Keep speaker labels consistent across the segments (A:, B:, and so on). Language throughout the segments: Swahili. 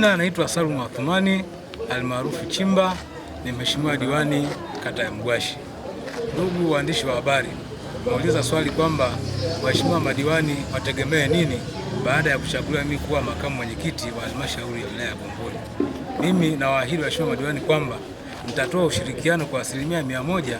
A: Na anaitwa Salum Athumani almaarufu Chimba, ni mheshimiwa diwani kata ya Mgwashi. Ndugu waandishi wa habari, nauliza swali kwamba waheshimiwa madiwani wategemee nini baada ya kuchaguliwa mimi kuwa makamu mwenyekiti wa halmashauri ya wilaya ya Bumbuli. Mimi nawaahidi waheshimiwa madiwani kwamba nitatoa ushirikiano kwa asilimia mia moja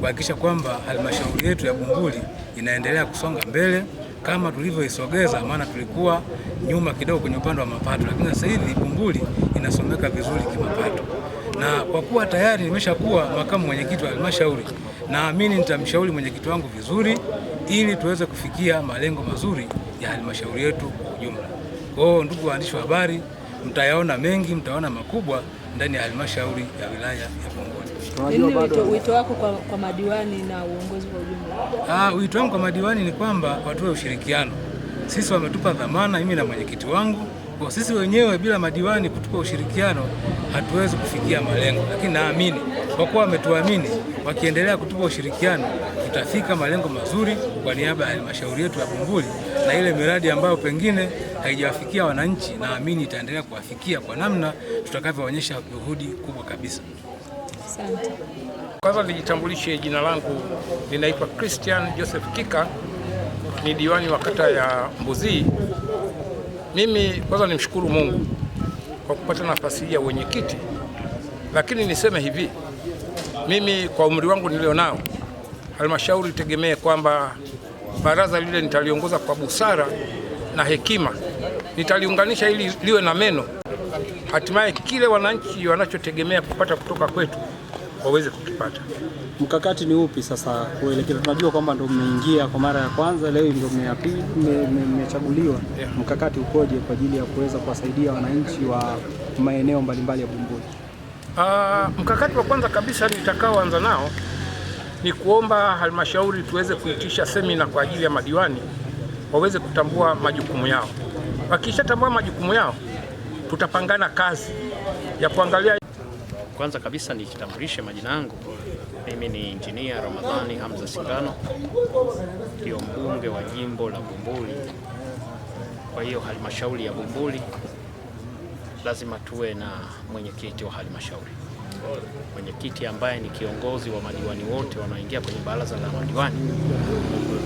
A: kuhakikisha kwamba halmashauri yetu ya Bumbuli inaendelea kusonga mbele kama tulivyoisogeza, maana tulikuwa nyuma kidogo kwenye upande wa mapato, lakini sasa hivi Bumbuli inasomeka vizuri kimapato, na kwa kuwa tayari nimeshakuwa makamu mwenyekiti wa halmashauri, naamini nitamshauri mwenyekiti wangu vizuri ili tuweze kufikia malengo mazuri ya halmashauri yetu kwa ujumla. Kwa hiyo, ndugu waandishi wa habari, mtayaona mengi, mtaona makubwa ndani ya halmashauri ya wilaya ya Bumbuli.
B: Nini yaani wito, wito wako kwa, kwa madiwani na uongozi kwa ujumla?
A: Ah, wito wangu kwa madiwani ni kwamba watoe ushirikiano. Sisi wametupa dhamana, mimi na mwenyekiti wangu, kwa sisi wenyewe bila madiwani kutupa ushirikiano hatuwezi kufikia malengo, lakini naamini kwa kuwa wametuamini, wakiendelea kutupa ushirikiano tutafika malengo mazuri kwa niaba ya halmashauri yetu ya Bumbuli, na ile miradi ambayo pengine haijawafikia wananchi, naamini itaendelea kuwafikia kwa namna tutakavyoonyesha juhudi kubwa kabisa. Asante. Kwanza nijitambulishe, jina langu linaitwa Christian Joseph Kika, ni diwani wa kata ya Mbuzii. Mimi kwanza nimshukuru Mungu kwa kupata nafasi hii ya wenyekiti, lakini niseme hivi, mimi kwa umri wangu nilionao, halmashauri tegemee kwamba baraza lile nitaliongoza kwa busara na hekima, nitaliunganisha ili liwe na meno, hatimaye kile wananchi wanachotegemea kupata kutoka kwetu waweze kukipata.
C: Mkakati ni upi sasa kuelekea? Tunajua kwamba ndio mmeingia kwa mara ya kwanza leo, ndio
D: mmechaguliwa me,
C: yeah. Mkakati ukoje kwa ajili ya kuweza kuwasaidia wananchi wa maeneo mbalimbali ya Bumbuli?
A: Uh, mkakati wa kwanza kabisa nitakaoanza nao ni kuomba halmashauri tuweze kuitisha semina kwa ajili ya madiwani waweze kutambua majukumu yao. Wakishatambua majukumu yao tutapangana kazi ya kuangalia
E: kwanza kabisa nikitambulishe majina yangu, mimi ni Injinia Ramadhani Hamza Singano, ndio mbunge wa jimbo la Bumbuli. Kwa hiyo halmashauri ya Bumbuli lazima tuwe na mwenyekiti wa halmashauri, mwenyekiti ambaye ni kiongozi wa madiwani wote wanaoingia kwenye baraza la madiwani,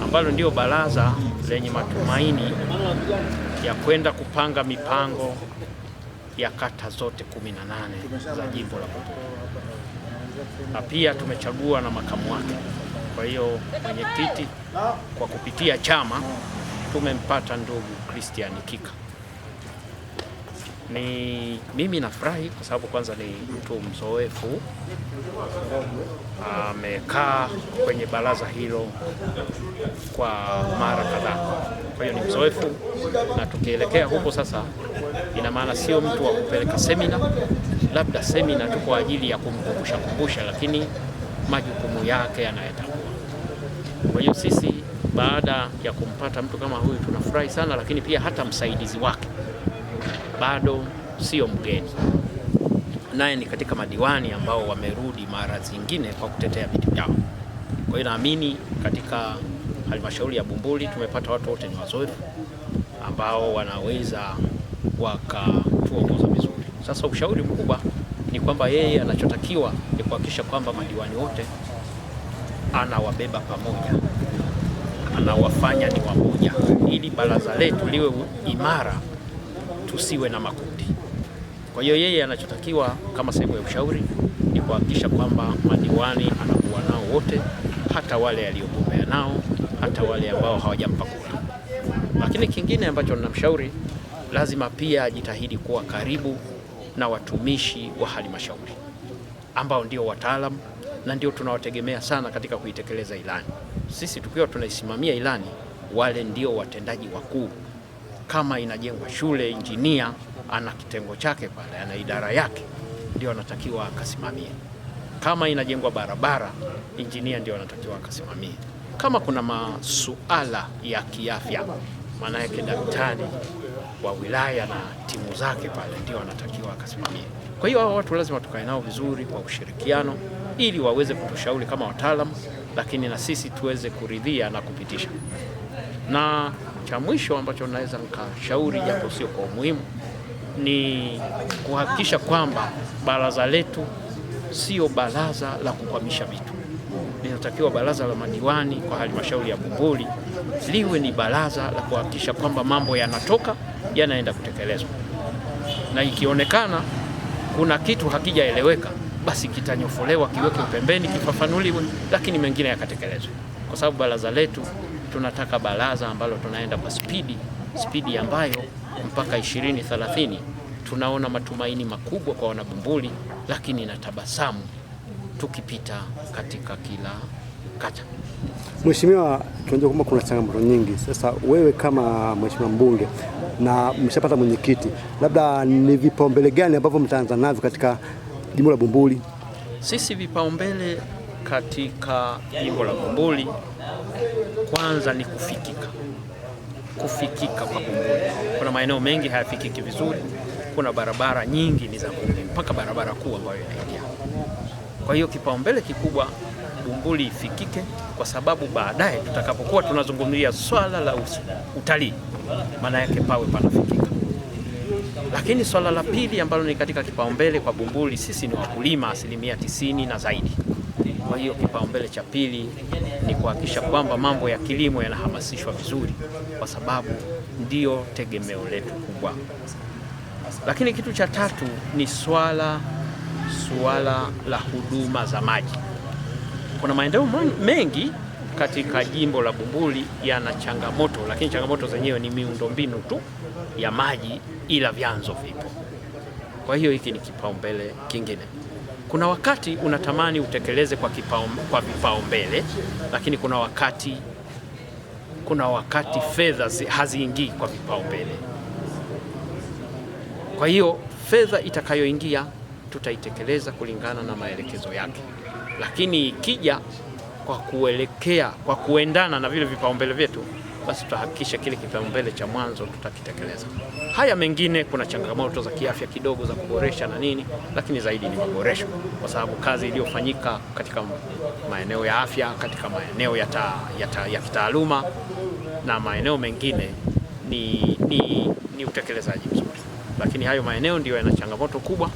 E: ambalo ndio baraza lenye matumaini ya kwenda kupanga mipango ya kata zote 18 za jimbo la na pia tumechagua na makamu wake. Kwa hiyo mwenyekiti kwa kupitia chama tumempata ndugu Christian Kika. Ni mimi nafurahi kwa sababu kwanza ni mtu mzoefu, amekaa kwenye baraza hilo kwa mara kadhaa, kwa hiyo ni mzoefu, na tukielekea huko sasa Ina maana sio mtu wa kupeleka semina, labda semina tu kwa ajili ya kumkumbusha kumbusha, lakini majukumu yake yanayatakuwa. Kwa hiyo sisi baada ya kumpata mtu kama huyu tunafurahi sana, lakini pia hata msaidizi wake bado sio mgeni, naye ni katika madiwani ambao wamerudi mara zingine kwa kutetea vitu vyao. Kwa hiyo naamini katika halmashauri ya Bumbuli tumepata watu wote ni wazoefu ambao wanaweza wakatuongoza vizuri. Sasa ushauri mkubwa ni kwamba yeye anachotakiwa ni kuhakikisha kwamba madiwani wote anawabeba pamoja, anawafanya ni wamoja, ili baraza letu liwe imara, tusiwe na makundi. Kwa hiyo yeye anachotakiwa kama sehemu ya ushauri ni kuhakikisha kwamba madiwani anakuwa nao wote, hata wale aliyogombea nao, hata wale ambao hawajampa kura. Lakini kingine ambacho ninamshauri lazima pia ajitahidi kuwa karibu na watumishi wa halmashauri ambao ndio wataalam na ndio tunawategemea sana katika kuitekeleza ilani. Sisi tukiwa tunaisimamia ilani, wale ndio watendaji wakuu. Kama inajengwa shule, injinia ana kitengo chake pale, ana idara yake, ndio anatakiwa akasimamia Kama inajengwa barabara, injinia ndio anatakiwa akasimamia Kama kuna masuala ya kiafya, maana yake daktari wa wilaya na timu zake pale ndio wanatakiwa akasimamie. Kwa hiyo hao watu lazima tukae nao vizuri kwa ushirikiano, ili waweze kutushauri kama wataalamu, lakini na sisi tuweze kuridhia na kupitisha. Na cha mwisho ambacho naweza nikashauri, japo sio kwa umuhimu, ni kuhakikisha kwamba baraza letu sio baraza la kukwamisha vitu linatakiwa baraza la madiwani kwa halmashauri ya Bumbuli liwe ni baraza la kuhakikisha kwamba mambo yanatoka yanaenda kutekelezwa, na ikionekana kuna kitu hakijaeleweka basi kitanyofolewa, kiweke pembeni, kifafanuliwe, lakini mengine yakatekelezwe, kwa sababu baraza letu tunataka baraza ambalo tunaenda kwa spidi spidi ambayo mpaka 2030 tunaona matumaini makubwa kwa wanabumbuli, lakini na tabasamu tukipita katika kila kata.
F: Mheshimiwa, tunajua kwamba kuna changamoto nyingi. Sasa wewe kama mheshimiwa mbunge na mshapata mwenyekiti, labda ni vipaumbele gani ambavyo mtaanza navyo katika jimbo la Bumbuli?
E: Sisi vipaumbele katika jimbo la Bumbuli kwanza ni kufikika, kufikika kwa Bumbuli. Kuna maeneo mengi hayafikiki vizuri, kuna barabara nyingi ni za mpaka barabara kuu ambayo inaingia kwa hiyo kipaumbele kikubwa Bumbuli ifikike, kwa sababu baadaye tutakapokuwa tunazungumzia swala la utalii, maana yake pawe panafikika. Lakini swala la pili ambalo ni katika kipaumbele kwa Bumbuli, sisi ni wakulima asilimia tisini na zaidi. Kwa hiyo kipaumbele cha pili ni kuhakikisha kwamba mambo ya kilimo yanahamasishwa vizuri, kwa sababu ndio tegemeo letu kubwa. Lakini kitu cha tatu ni swala suala la huduma za maji. Kuna maeneo mengi katika jimbo la Bumbuli yana changamoto, lakini changamoto zenyewe ni miundombinu tu ya maji, ila vyanzo vipo. Kwa hiyo hiki ni kipaumbele kingine. Kuna wakati unatamani utekeleze kwa kipao, kwa vipaumbele, lakini kuna wakati kuna wakati fedha haziingii kwa vipaumbele. Kwa hiyo fedha itakayoingia tutaitekeleza kulingana na maelekezo yake, lakini ikija kwa kuelekea kwa kuendana na vile vipaumbele vyetu, basi tutahakikisha kile kipaumbele cha mwanzo tutakitekeleza. Haya mengine, kuna changamoto za kiafya kidogo za kuboresha na nini, lakini zaidi ni maboresho, kwa sababu kazi iliyofanyika katika maeneo ya afya, katika maeneo ya, ta, ya, ta, ya kitaaluma na maeneo mengine ni, ni, ni utekelezaji mzuri, lakini hayo maeneo ndiyo yana changamoto kubwa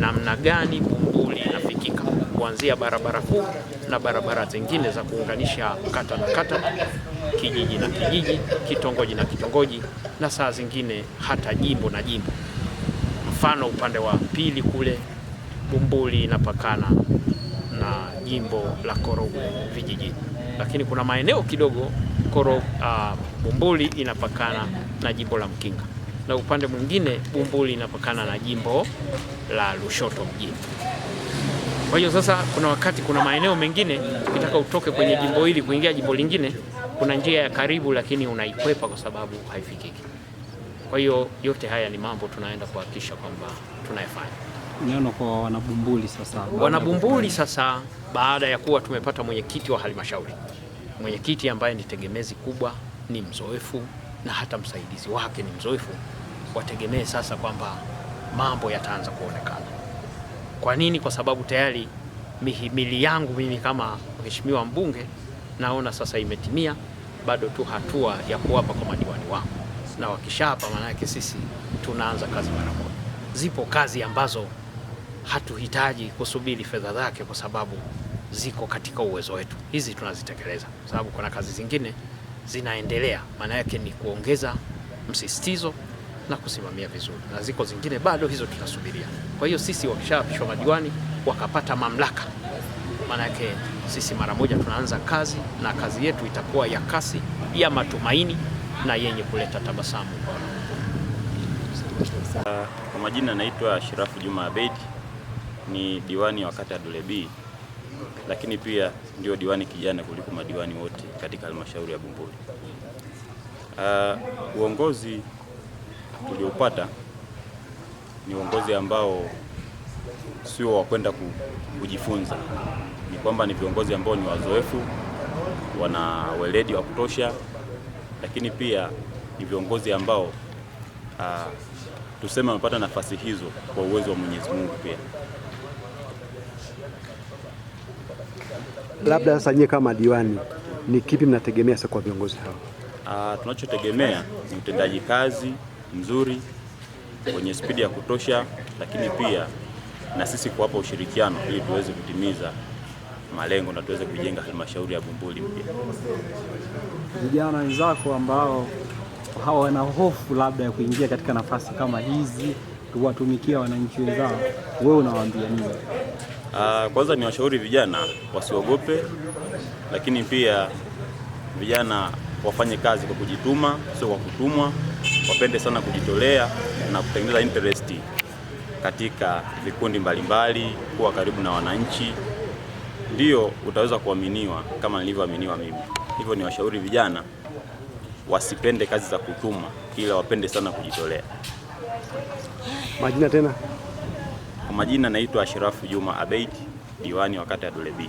E: namna gani Bumbuli inafikika kuanzia barabara kuu na barabara zingine za kuunganisha kata na kata, kijiji na kijiji, kitongoji na kitongoji, na saa zingine hata jimbo na jimbo. Mfano, upande wa pili kule Bumbuli inapakana na jimbo la Korogwe vijijini, lakini kuna maeneo kidogo Koro, uh, Bumbuli inapakana na jimbo la Mkinga na upande mwingine Bumbuli inapakana na jimbo la Lushoto mjini. Kwa hiyo sasa, kuna wakati kuna maeneo mengine ukitaka utoke kwenye jimbo hili kuingia jimbo lingine, kuna njia ya karibu, lakini unaikwepa kwa sababu haifikiki. Kwa hiyo yote haya ni mambo tunaenda kuhakikisha kwamba tunayafanya.
C: Neno kwa wanabumbuli sasa,
E: wanabumbuli sasa, baada ya kuwa tumepata mwenyekiti wa halmashauri, mwenyekiti ambaye ni tegemezi kubwa, ni mzoefu na hata msaidizi wake ni mzoefu, wategemee sasa kwamba mambo yataanza kuonekana. Kwa nini? Kwa sababu tayari mihimili yangu mimi kama mheshimiwa mbunge naona sasa imetimia, bado tu hatua ya kuwapa kwa madiwani wangu, na wakishapa, maana yake sisi tunaanza kazi mara moja. Zipo kazi ambazo hatuhitaji kusubiri fedha zake kwa sababu ziko katika uwezo wetu, hizi tunazitekeleza, kwa sababu kuna kazi zingine zinaendelea, maana yake ni kuongeza msisitizo na kusimamia vizuri, na ziko zingine bado hizo tunasubiria. Kwa hiyo sisi wakishaapishwa madiwani wakapata mamlaka, maana yake sisi mara moja tunaanza kazi, na kazi yetu itakuwa ya kasi, ya matumaini na yenye kuleta tabasamu kwa
G: Kwa majina naitwa Shirafu Juma Abedi, ni diwani wa kata ya Dule B lakini pia ndio diwani kijana kuliko madiwani wote katika halmashauri ya Bumbuli. Uh, uongozi tuliopata ni uongozi ambao sio wa kwenda kujifunza, ni kwamba ni viongozi ambao ni wazoefu, wana weledi wa kutosha, lakini pia ni viongozi ambao uh, tuseme wamepata nafasi hizo kwa uwezo wa Mwenyezi Mungu pia.
F: Labda sasa nyie kama diwani, ni kipi mnategemea sasa kwa viongozi hawa?
G: Uh, tunachotegemea ni utendaji kazi mzuri wenye spidi ya kutosha, lakini pia na sisi kuwapa ushirikiano ili tuweze kutimiza malengo na tuweze kujenga halmashauri ya Bumbuli mpya.
C: Vijana wenzako ambao wana hofu labda ya kuingia katika nafasi kama hizi kuwatumikia wananchi wenzao, wewe unawaambia nini?
G: Uh, kwanza ni washauri vijana wasiogope, lakini pia vijana wafanye kazi kwa kujituma, sio kwa kutumwa. Wapende sana kujitolea na kutengeneza interesti katika vikundi mbalimbali, kuwa karibu na wananchi, ndio utaweza kuaminiwa kama nilivyoaminiwa mimi. Hivyo ni washauri vijana wasipende kazi za kutumwa, ila wapende sana kujitolea. Majina tena? Kwa majina naitwa Ashirafu Juma Abeid, diwani wa kata ya Dole B.